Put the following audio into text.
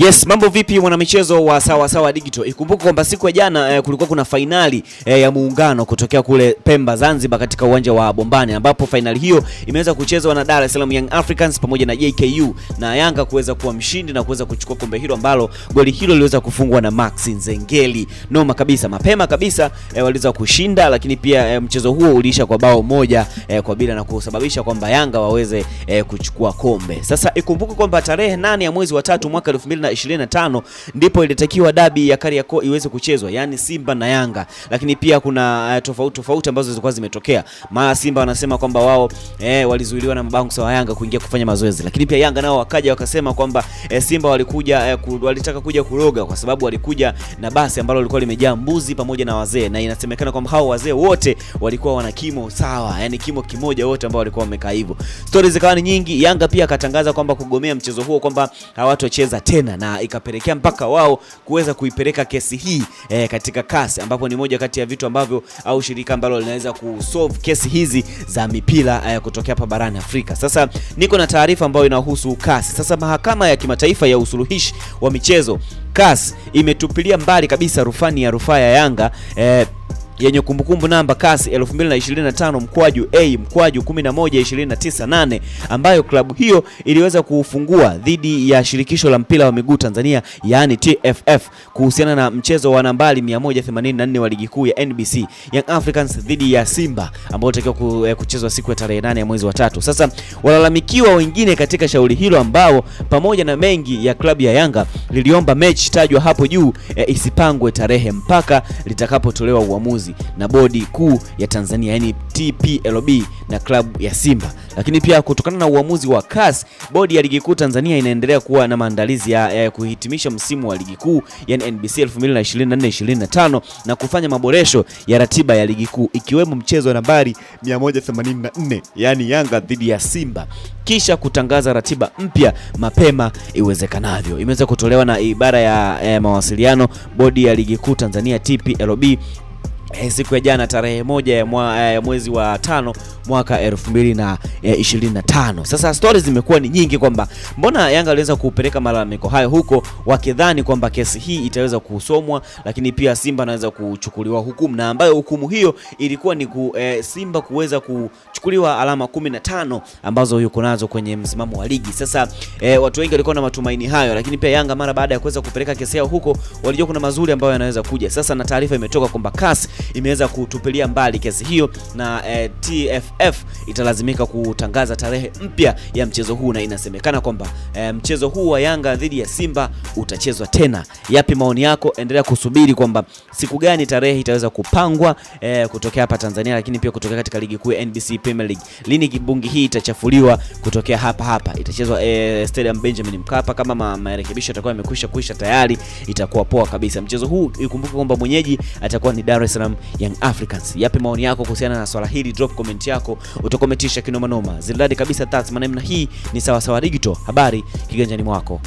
Yes, mambo vipi michezo wa Sawa Sawa Digital? Ikumbuke kwamba siku ya jana eh, kulikuwa kuna fainali eh, ya muungano kutokea kule Pemba Zanzibar, katika uwanja wa Bombani ambapo fainali hiyo imeweza kuchezwa na Dar es Salaam Young Africans pamoja na JKU na Yanga kuweza kuwa mshindi na kuweza kuchukua kombe hilo ambalo goli hilo liliweza kufungwa na Max Nzengeli. Noma kabisa, mapema kabisa eh, waliweza kushinda, lakini pia eh, mchezo huo uliisha kwa bao moja eh, kwa bila na kusababisha kwamba Yanga waweze eh, kuchukua kombe. Sasa ikumbuke kwamba tarehe nane ya mwezi wa tatu mwaka 2000 25 ndipo ilitakiwa dabi ya Kariakoo iweze kuchezwa, yani Simba na Yanga, lakini pia kuna eh, tofauti tofauti ambazo zilikuwa zimetokea. Maana Simba wanasema kwamba wao eh, walizuiliwa na mabango wa Yanga kuingia kufanya mazoezi, lakini pia Yanga nao wakaja wakasema kwamba eh, Simba walikuja eh, ku, walitaka kuja kuroga kwa sababu walikuja na basi ambalo lilikuwa limejaa mbuzi pamoja na wazee, na inasemekana kwamba hao wazee wote walikuwa wana kimo sawa, yani kimo kimoja wote ambao walikuwa wamekaa hivyo. Stories zikawa ni nyingi. Yanga pia akatangaza kwamba kugomea mchezo huo kwamba hawatocheza tena na ikapelekea mpaka wao kuweza kuipeleka kesi hii e, katika kasi, ambapo ni moja kati ya vitu ambavyo au shirika ambalo linaweza kusolve kesi hizi za mipira e, kutokea hapa barani Afrika. Sasa niko na taarifa ambayo inahusu kasi. Sasa mahakama ya kimataifa ya usuluhishi wa michezo CAS imetupilia mbali kabisa rufani ya rufaa ya Yanga e, yenye kumbukumbu namba kasi 2025 mkwaju A mkwaju 11298 ambayo klabu hiyo iliweza kuufungua dhidi ya shirikisho la mpira wa miguu Tanzania yaani TFF kuhusiana na mchezo wa nambari 184 wa ligi kuu ya NBC Young Africans dhidi ya Simba ambao utakiwa eh, kuchezwa siku ya tarehe nane ya mwezi wa tatu. Sasa walalamikiwa wengine katika shauri hilo ambao pamoja na mengi ya klabu ya Yanga liliomba mechi tajwa hapo juu e, isipangwe tarehe mpaka litakapotolewa uamuzi uchaguzi na bodi kuu ya Tanzania yani TPLB na klabu ya Simba. Lakini pia kutokana na uamuzi wa CAS, bodi ya ligi kuu Tanzania inaendelea kuwa na maandalizi ya, ya kuhitimisha msimu wa ligi kuu yani NBC 2024-2025 na kufanya maboresho ya ratiba ya ligi kuu ikiwemo mchezo nambari 184 yani Yanga dhidi ya Simba kisha kutangaza ratiba mpya mapema iwezekanavyo. Imeweza kutolewa na ibara ya, ya mawasiliano bodi ya ligi kuu Tanzania TPLB Eh, siku ya jana tarehe moja ya, mwa, ya eh, mwezi wa tano mwaka 2025. Eh, Sasa stories zimekuwa ni nyingi kwamba mbona Yanga aliweza kupeleka malalamiko hayo huko wakidhani kwamba kesi hii itaweza kusomwa, lakini pia Simba anaweza kuchukuliwa hukumu na ambayo hukumu hiyo ilikuwa ni ku, e, Simba kuweza kuchukuliwa alama 15 ambazo yuko nazo kwenye msimamo wa ligi. Sasa e, watu wengi walikuwa na matumaini hayo, lakini pia Yanga mara baada ya kuweza kupeleka kesi yao huko walijua kuna mazuri ambayo yanaweza kuja. Sasa na taarifa imetoka kwamba kasi imeweza kutupilia mbali kesi hiyo na e, eh, TFF italazimika kutangaza tarehe mpya ya mchezo huu na inasemekana kwamba e, mchezo huu wa Yanga dhidi ya Simba utachezwa tena. Yapi maoni yako? Endelea kusubiri kwamba siku gani tarehe itaweza kupangwa e, kutokea hapa Tanzania, lakini pia kutokea katika ligi kuu ya NBC Premier League. Lini kibungi hii itachafuliwa kutokea hapa hapa, itachezwa e, Stadium Benjamin Mkapa. Kama ma, marekebisho yatakuwa yamekwisha kuisha tayari, itakuwa poa kabisa. Mchezo huu ikumbuke kwamba mwenyeji atakuwa ni Dar es Salaam Instagram Young Africans. Yapi maoni yako kuhusiana na swala hili, drop comment yako, utakometisha kinoma noma. Ziladi kabisa that's my name, na hii ni sawasawa digital, habari kiganjani mwako.